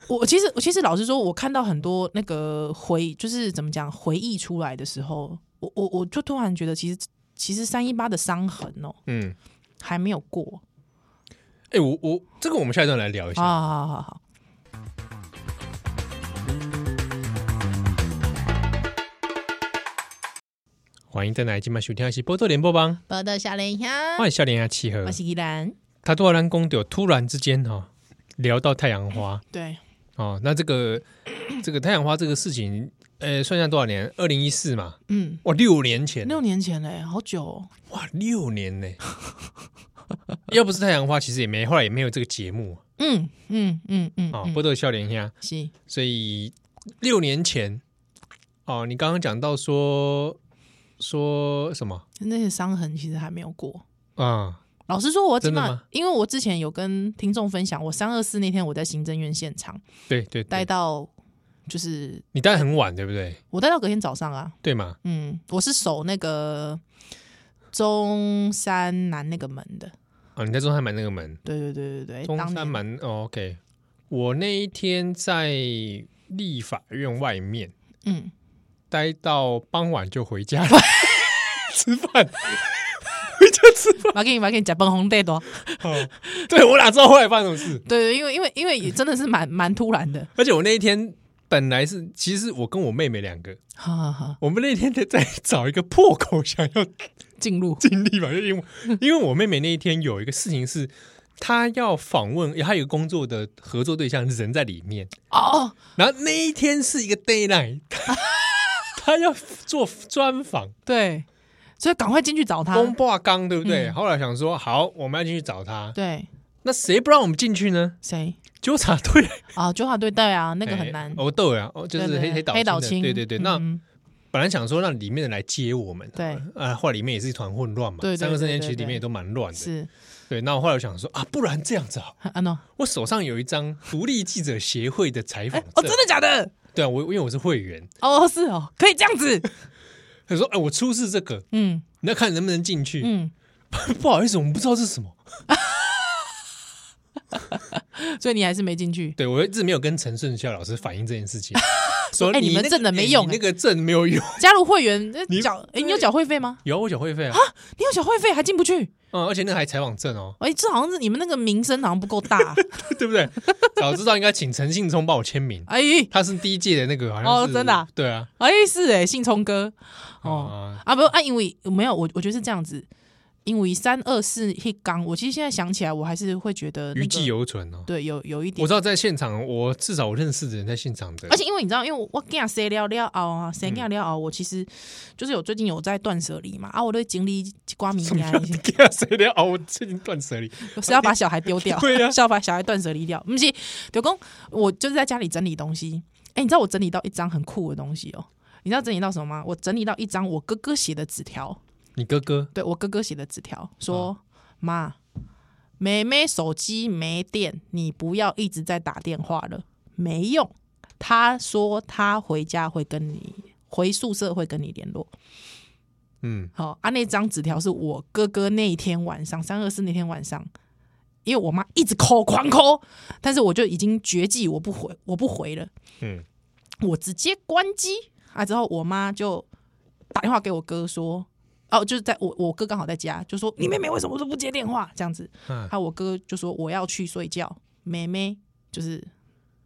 個我其實其實老實說，我看到很多那個回就是怎麼講回憶出來的時候，我我我就突然覺得其，其實其實三一八的傷痕哦，嗯，還沒有過。哎，我我這個我們下一段來聊一下。啊，好，好，好，好，好，好，好。歡迎再來今晚收聽的是《波多聯播幫》波，波到小連牙、啊，歡迎小連牙契合。我是依然他多少人講到突然之間哈、哦，聊到太陽花。嗯、對，哦，那這個這個太陽花這個事情，呃，算下多少年？二零一四嘛。嗯。哇，六年前，六年前嘞，好久、哦。哇，六年嘞。 要不是太陽花，其實也沒後來也沒有這個節目。嗯嗯嗯嗯是，哦，波多笑蓮香是，所以六年前哦，你剛剛講到說說什麼？那些傷痕其實還沒有過啊。嗯、老實說我，我怎麼，因為我之前有跟聽眾分享，我三二四那天我在行政院現場，對，對對，待到就是你待很晚，對不對？我待到隔天早上啊，對嗎？嗯，我是守那個中山南那個門的。哦、你在中山門那個門？對對對對對，中山門年、哦。OK，我那一天在立法院外面，嗯，待到傍晚就回家了，嗯、吃飯， 回家吃飯。我給你，我給你加分紅得多。對我哪知道後來發生什麼事？對，因為因為因為也真的是蠻蠻突然的、嗯。而且我那一天本來是，其實我跟我妹妹兩個，好好好我們那天在在找一個破口，想要。進入。盡力吧，因為因為我妹妹那一天有一個事情是，她要訪問她有一個工作的合作對象，人在裡面哦。然後那一天是一個 day night，她要做專訪，對，所以趕快進去找她。空壩崗對不對？後來想說，好，我們要進去找她。對，那誰不讓我們進去呢？誰？糾察隊啊，糾察隊對啊，那個很難。哦，對啊，哦，就是黑黑島，黑島青。對對對，那。本來想說，讓裡面的來接我們，對啊，後來裡面也是一團混亂嘛，對、對、對、對、對、對。三個瞬間其實裡面也都蠻亂的，是。對，那我後、後來我想說啊，不然這樣子好，啊，那、no、我手上有一張獨立記者協會的採訪證、欸、哦，真的假的？對啊，我因為我是會員，哦，是哦，可以這樣子。他 說，哎，我出示這個，嗯，你要看能不能進去，嗯， 不好意思，我們不知道這是什麼。 所以你還是沒進去。對我一直沒有跟陳順孝老師反映這件事情，說哎，你們證的沒用，那個證沒有用。加入會員，你繳哎，你有繳會費嗎？有，我繳會費啊。你有繳會費還進不去？嗯，而且那個還採訪證哦。哎，這好像是你們那個名聲好像不夠大，對不對？早知道應該請陳信聰幫我簽名。哎，他是第一屆的那個，好像是哦，真的。對啊。哎，是哎，信聰哥。哦啊，不是，因為沒有我，我覺得是這樣子。因為三二四一剛，我其實現在想起來，我還是會覺得餘、那、悸、個、猶存哦。對，有有一點，我知道在現場，我至少我認識的人在現場的。而且因為你知道，因為我跟誰了了哦，誰聊了哦，我其實就是有最近有在斷捨離嘛。嗯、啊，我經精力瓜米呀，誰聊了哦，我最近斷捨離，是要把小孩丟掉，是、啊、要把小孩斷捨離掉、啊、 掉。不是，老公，我就是在家裡整理東西。哎、欸，你知道我整理到一張很酷的東西哦？你知道整理到什麼嗎？我整理到一張我哥哥寫的紙條。你哥哥對，我哥哥寫的紙條說：“啊、媽，妹妹手機沒電，你不要一直在打電話了，沒用。”他說他回家會跟你回宿舍會跟你聯絡。嗯，好啊，那張紙條是我哥哥那一天晚上，三二四那天晚上，因為我媽一直 call、狂 call，但是我就已經絕技，我不回，我不回了。嗯，我直接關機啊，之後我媽就打電話給我哥說。哦，就是在我我哥剛好在家，就說你妹妹為什麼都不接電話這樣子。嗯，然後、啊、我哥就說我要去睡覺，妹妹就是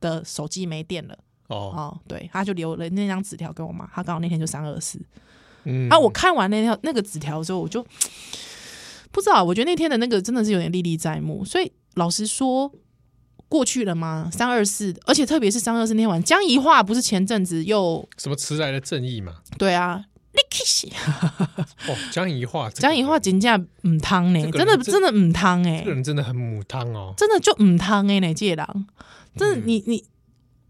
的手機沒電了。哦，哦，對，他就留了那張紙條給我媽。他剛好那天就三二四。嗯，啊，我看完那條那個紙條之後，我就不知道。我覺得那天的那個真的是有點歷歷在目。所以老實說，過去了嗎？三二四，而且特別是三二四那天晚上，江宜樺不是前陣子又什麼遲來的正義嗎？對啊。你去死！江宜樺，江宜樺，這個、江真正母湯呢？真的，真的母湯哎！這個人真的很母湯哦，真的就母湯的那個人，真的你，你、嗯、你，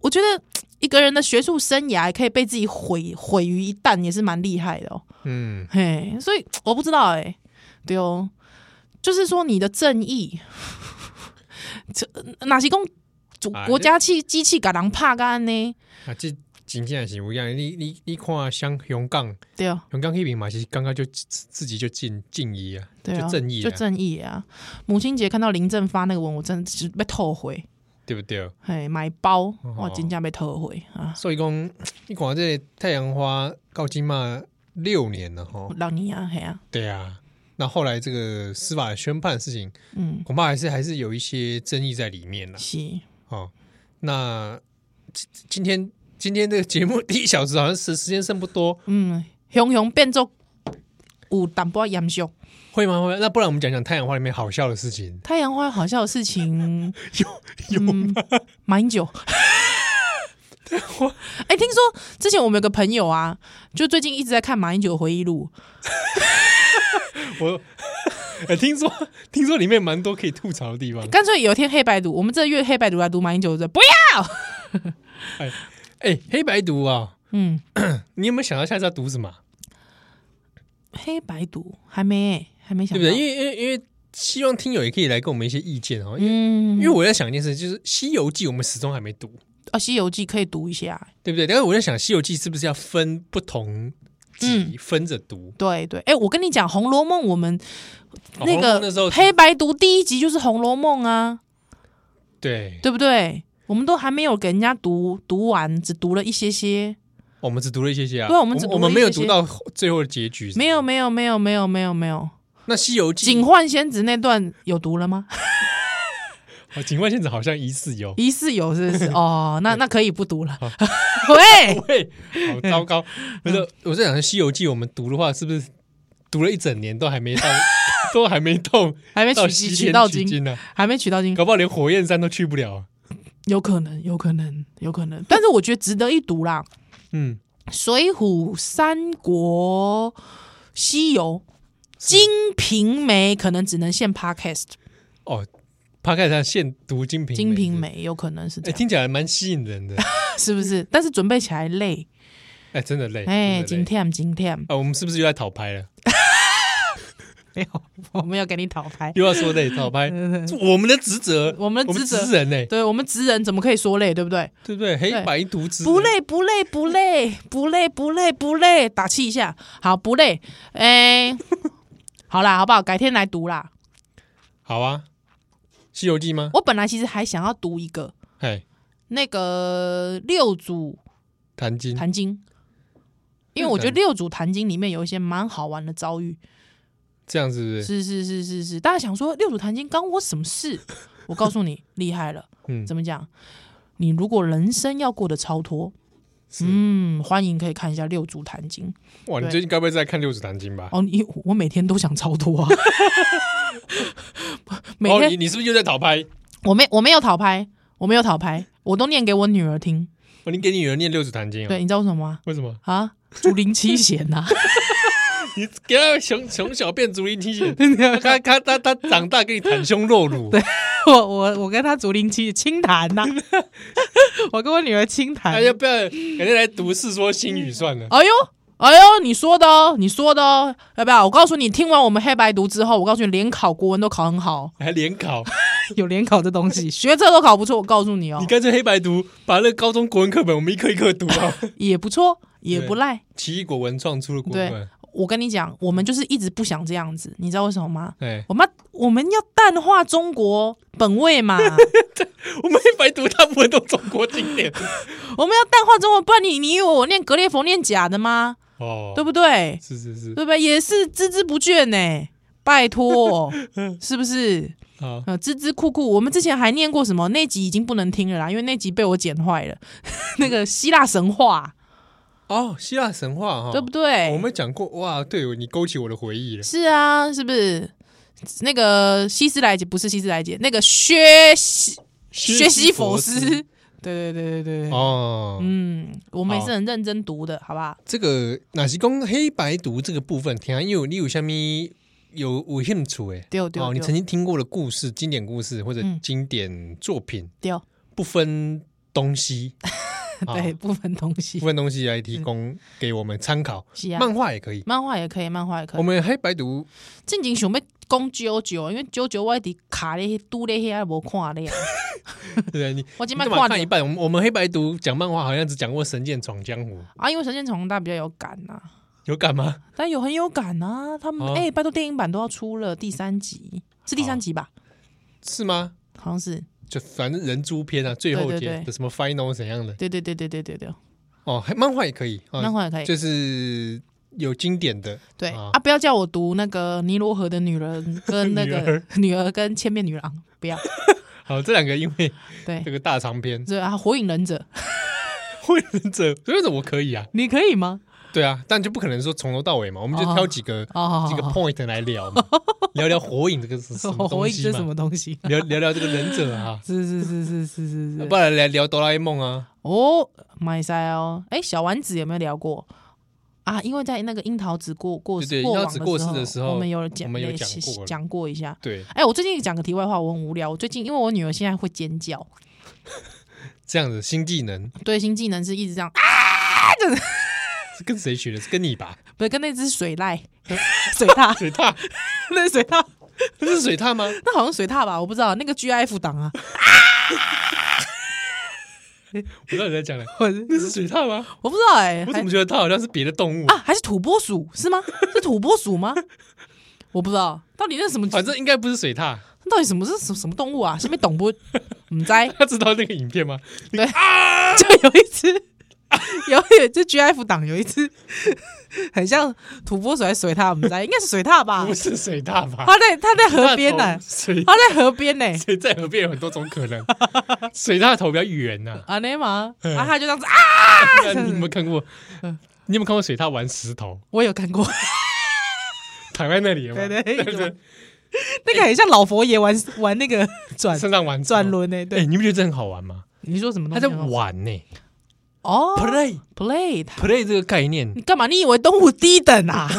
我覺得一個人的學術生涯可以被自己毀毀於一旦，也是蠻厲害的哦。嗯，嘿，所以我不知道哎，對哦，就是說你的正義，這哪些公國家氣機器敢人怕干呢？啊真正是有一樣，你你你看像香港對啊，香港那邊嘛，其實剛剛就自自己就正正義啊，對，就正義，哦，就正義啊！母親節看到林鄭發那個文，我真的是被偷回，對不對？嘿，買包、哦、我真正被偷回啊！所以講，你講這個太陽花到今嘛六年了哈，哦，六年啊，嘿啊，對啊，那後來這個司法宣判的事情，嗯，恐怕還是還是有一些爭議在裡面了。是哦，那今天。今天這個節目第一小時好像時時間剩不多。嗯，雄雄變作有淡薄嚴肅，會嗎？會嗎。那不然我們講講太陽花裡面好笑的事情。太陽花好笑的事情 有有嗎？嗯、馬英九。太陽哎，聽說之前我們有個朋友啊，就最近一直在看馬英九回憶錄。 我哎，欸，聽說聽說裡面蠻多可以吐槽的地方。乾脆有一天黑白讀，我們這月黑白讀來讀馬英九的不要。哎 、欸。哎、欸，黑白讀啊，嗯，你有沒有想到下次要讀什麼？黑白讀還沒，還沒想到，對不對？因為因為因為希望聽友也可以來給我們一些意見哦，因為、嗯、因為我在想一件事，就是《西遊記》我們始終還沒讀啊，《西遊記》可以讀一下，對不對？但是我在想，《西遊記》是不是要分不同季，嗯、分着讀？對對，哎，我跟你講，《紅樓夢》我們那個那時候黑白讀第一集就是《紅樓夢》啊，對，對不對？我們都還沒有給人家讀讀完，只讀了一些些。我們只讀了一些些啊，對，我們只我們沒有讀到最後的結局。沒有，沒有，沒有，沒有，沒有，沒有。那《西遊記》《警幻仙子》那段有讀了嗎？《警幻仙子》好像疑似有，疑似有，是不是哦。那那可以不讀了？喂，喂，好糟糕！不是，我在想說，西遊記我們讀的話，是不是讀了一整年都還沒到，都還沒到，還沒取取到經呢？還沒取到經，搞不好連火焰山都去不了。有可能，有可能，有可能，但是我覺得值得一讀啦。嗯，水虎《水滸》《三國》《西遊》是《金瓶梅》可能只能限 podcast 哦，podcast 限讀梅《金瓶》《金瓶梅》有可能是哎、欸，聽起來蠻吸引人的， 是不是？但是準備起來累，哎、欸，真的累。哎，今天、欸，今天，呃，我們是不是又在討拍了？ 沒有，我們要給你討拍。又要說累，討拍，我們的職責，我們的職人呢？對我們職人怎麼可以說累？對不對？對不對？嘿對，把一讀職，不累，不累，不累，不累，不累，不累，打氣一下，好，不累，哎、欸， 好啦，好不好？改天來讀啦。好啊，《西遊記》嗎？我本來其實還想要讀一個，哎 Hey，那個六祖《壇經》，《壇經》經，因為我覺得六祖《壇經》裡面有一些蠻好玩的遭遇。這樣是不是？是是是是是，大家想說《六祖壇經》關我什麼事？我告訴你，厲害了。嗯，怎麼講？你如果人生要過得超脫，是嗯，歡迎可以看一下《六祖壇經》。哇，對你最近該不會在看《六祖壇經》吧？哦，你我每天都想超脫啊。 每天、哦、你，你是不是又在討拍？我沒，我沒有討拍，我沒有討拍，我都念給我女兒聽。哦、你給你女兒念《六祖壇經、哦》？對，你知道什、啊、為什麼嗎？為什麼啊？竹林七賢吶、啊。 你給他從從小變竹林七賢，他他他他長大跟你袒胸露乳。對，我我我跟他竹林七賢清談吶，我跟我女兒清談。哎不要，改天來讀《世說新語》算了。哎呦，哎呦，你說的，你說的，要不要？我告訴你，聽完我們黑白讀之後，我告訴你，聯考國文都考很好。還聯考？有聯考的東西，學這都考不錯。我告訴你哦，你乾脆黑白讀，把那高中國文課本我們一課一課讀哦，也不錯，也不賴。奇異果文創出了國文。我跟你講，我們就是一直不想這樣子，你知道為什麼嗎？對，我們我們要淡化中國本位嘛， 我們一般讀大部分都中國經典， 我們要淡化中國本位，不然你以為我念格列佛念假的嗎？哦，對不對？是是是，對吧？也是孜孜不倦呢、欸，拜託， 是不是？啊、呃，孜孜酷酷，我們之前還念過什麼？那集已經不能聽了啦，因為那集被我剪壞了， 那個希臘神話。哦，希臘神話哈，對不對？我們講過哇，對，你勾起我的回憶了。是啊，是不是？那個希斯萊傑不是希斯萊傑，那個薛西薛，薛西佛斯。佛斯對對對對對，哦，嗯，我們也是很認真讀的，哦、好不吧好？這個哪是講黑白讀這個部分，天啊，有你有什麼有有興趣哎？對對，對哦，你曾經聽過的故事、經典故事或者經典作品，嗯、對，不分東西。 對部分東西，部分東西來提供給我們參考。漫畫也可以，漫畫也可以，漫畫也可以。我們黑白讀正經想要講 JOJO，因為 JOJO 我一直卡在，都那邊沒看了。對，你我今麥看一半。我們我們黑白讀講漫畫好像只講過《神劍闖江湖》啊，因為《神劍闖江湖》大家比較有感啊。有感嗎？但有很有感啊。他們哎，拜托電影版都要出了第三集，是第三集吧？是嗎？好像是。就反正人豬篇啊，最後一節的對對對，什麼 final 怎樣的？對對對對對對對。哦，漫畫也可以，哦、漫畫也可以，就是有經典的。對啊，啊，不要叫我讀那個《尼羅河的女人》跟那個女兒，女兒跟千面女郎，不要。 好，這兩個因為對這個大長篇。對啊，《火影忍者》。 火影忍者。火影忍者我可以啊，你可以嗎？對啊，但就不可能說從頭到尾嘛，我們就挑幾個幾個 point 來聊，聊聊火影這個什麼東西，是什麼東西，聊聊聊這個忍者啊，是是是是是是是不然聊聊哆啦 A 夢啊。哦，my s l 哦，哎，小丸子有沒有聊過啊？因為在那個櫻桃子過過過世的時候，我們有講，我講過一下。對，哎，我最近講個題外話，我很無聊。我最近因為我女兒現在會尖叫，這樣子新技能，對，新技能是一直這樣啊，就是。是跟誰學的？是跟你吧？不是跟那隻水獺，水獺， 水獺，那是水獺，那是水獺嗎？那好像水獺吧？我不知道，那個 GIF 檔啊。哎、啊，欸、我到底在講嘞？那是水獺嗎？我不知道哎、欸，我怎麼覺得它好像是別的動物啊？還是土撥鼠是嗎？是土撥鼠嗎？ 我不知道，到底那什麼？反正應該不是水獺。那到底什麼是什麼什麼動物啊？下面懂不？你在他知道那個影片嗎？對，你就有一隻就 GIF 檔有一隻很像土撥鼠，還是水獺，我們猜應該是水獺吧？不是水獺吧？它在它在河邊呢，水它在河邊呢，水在河邊有很多種可能。水獺頭比較圓呢，啊，那嘛，啊，它就這樣子啊！你有沒有看過？你有沒有看過水獺玩石頭？我有看過，躺在那裡有嗎？對對，那那個很像老佛爺玩玩那個轉身上玩轉輪呢，對，你不覺得這很好玩嗎？你說什麼？他在玩呢。哦，play play，play 這個概念，你幹嘛？你以為動物低等啊？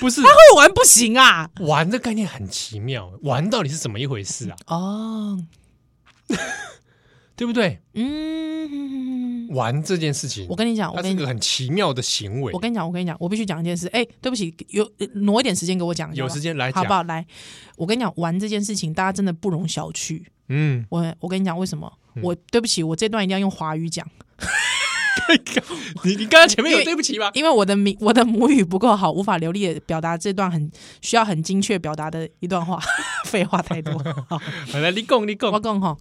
不是，他會玩不行啊！玩的概念很奇妙，玩到底是怎麼一回事啊？哦，對不對？嗯，玩這件事情，我跟你講，它是一個很奇妙的行為。我跟你講，我跟你講，我必須講一件事。哎，對不起，有挪一點時間給我講一下，有時間來好不好？來，我跟你講，玩這件事情，大家真的不容小覷。嗯，我我跟你講，為什麼？我對不起，我這段一定要用華語講。你 你剛剛前面有對不起嗎？因為，因為我的名，我的母語不夠好，無法流利的表達這段很需要很精確表達的一段話。廢話太多。好， 來你講你講我講哈。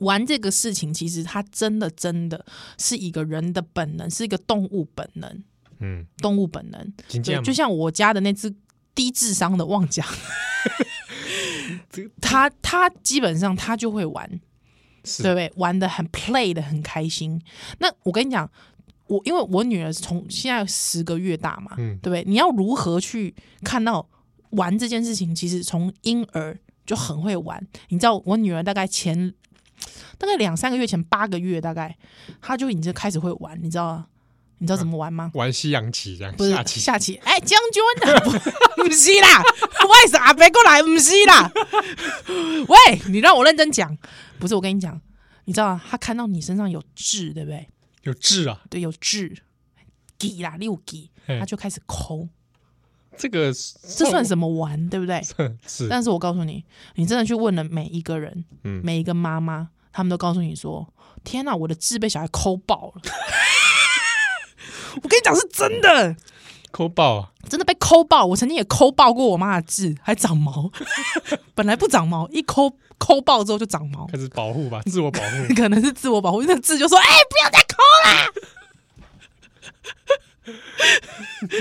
玩這個事情，其實它真的真的是一個人的本能，是一個動物本能。嗯，動物本能。就像我家的那隻低智商的旺角，他他 這 基本上他就會玩。是對不對？玩的很，play 的很開心。那我跟你講，我因為我女兒從現在十個月大嘛，嗯，對不對？你要如何去看到玩這件事情？其實從嬰兒就很會玩。你知道我女兒大概前大概兩三個月前八個月大概，她就已經開始會玩，你知道嗎？你知道怎麼玩嗎？玩西洋棋這樣，下棋下棋。哎，將軍！不，不是啦，喂，啥別過來，不是啦。喂，你讓我認真講，不是我跟你講，你知道他看到你身上有痣，對不對？有痣啊，對，有痣，幾啦六幾，他就開始摳。這個這算什麼玩？對不對？是。但是我告訴你，你真的去問了每一個人，嗯，每一個媽媽，他們都告訴你說：“天哪，我的痣被小孩摳爆了。”我跟你講是真的，摳爆，真的被摳爆。我曾經也摳爆過我媽的痣，還長毛。本來不長毛，一摳摳爆之後就長毛。開始保護吧，自我保護。 可能是自我保護，那痣就說：“哎、欸，不要再摳啦、啊。 那痣”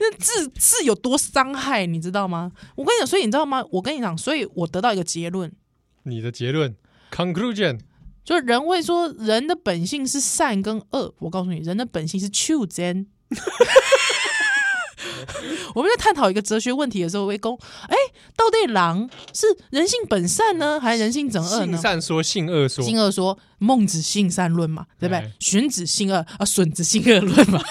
那痣痣有多傷害，你知道嗎？我跟你講，所以你知道嗎？我跟你講，所以我得到一個結論。你的結論，conclusion。Conc 就人會說，人的本性是善跟惡。我告訴你，人的本性是中性。我們在探討一個哲學問題的時候，我會講哎、欸，到底狼是人性本善呢，還是人性整惡呢？性善說，性惡說，性惡說，孟子性善論嘛，對不對？荀、欸、子性惡啊，荀子性惡論嘛。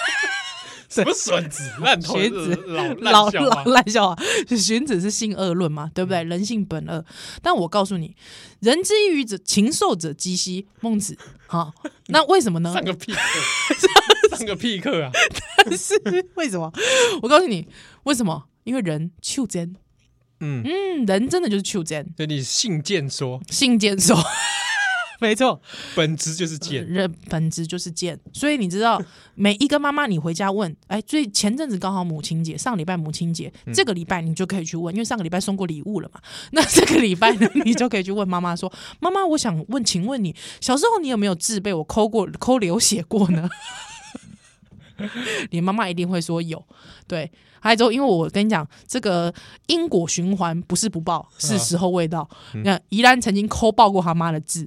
什麼荀子？荀對子，爛頭子老老老爛笑話。荀子是性惡論嘛？對不對？嗯、人性本惡。但我告訴你，人之異於禽獸者幾希。孟子。好，那為什麼呢？上個屁課！ 上個屁課啊，但！但是為什麼？我告訴你，為什麼？因為人求賤。真嗯嗯，人真的就是求賤。對，你性賤說，性賤說。沒錯，本質就是賤，人本質就是賤。所以你知道，每一個媽媽，你回家問，哎、欸，最前陣子剛好母親節，上禮拜母親節，嗯、這個禮拜你就可以去問，因為上個禮拜送過禮物了嘛。那這個禮拜呢你就可以去問媽媽說：“媽媽，我想問，請問你小時候你有沒有字被我摳過、摳流血過呢？” 你媽媽一定會說有。對，還有之後，因為我跟你講，這個因果循環不是不報，是時候未到。啊嗯、那看，宜蘭曾經摳爆過他媽的字。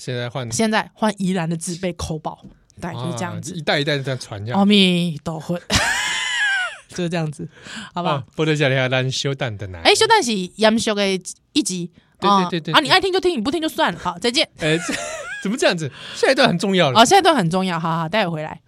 現在換，現在換宜蘭的字被扣爆，對，啊、就是這樣子，一代一代的這樣傳下去。阿彌陀佛， 就是這樣子，好吧、啊、不得叫你阿蘭修蛋的奶，哎、欸，修蛋是楊修個一集，呃、對，對，對對對對，啊，你愛聽就聽，你不聽就算了，好，再見。哎、欸，怎麼這樣子？下一段很重要了，哦、 啊，下一段很重要，好好，好，待會回來。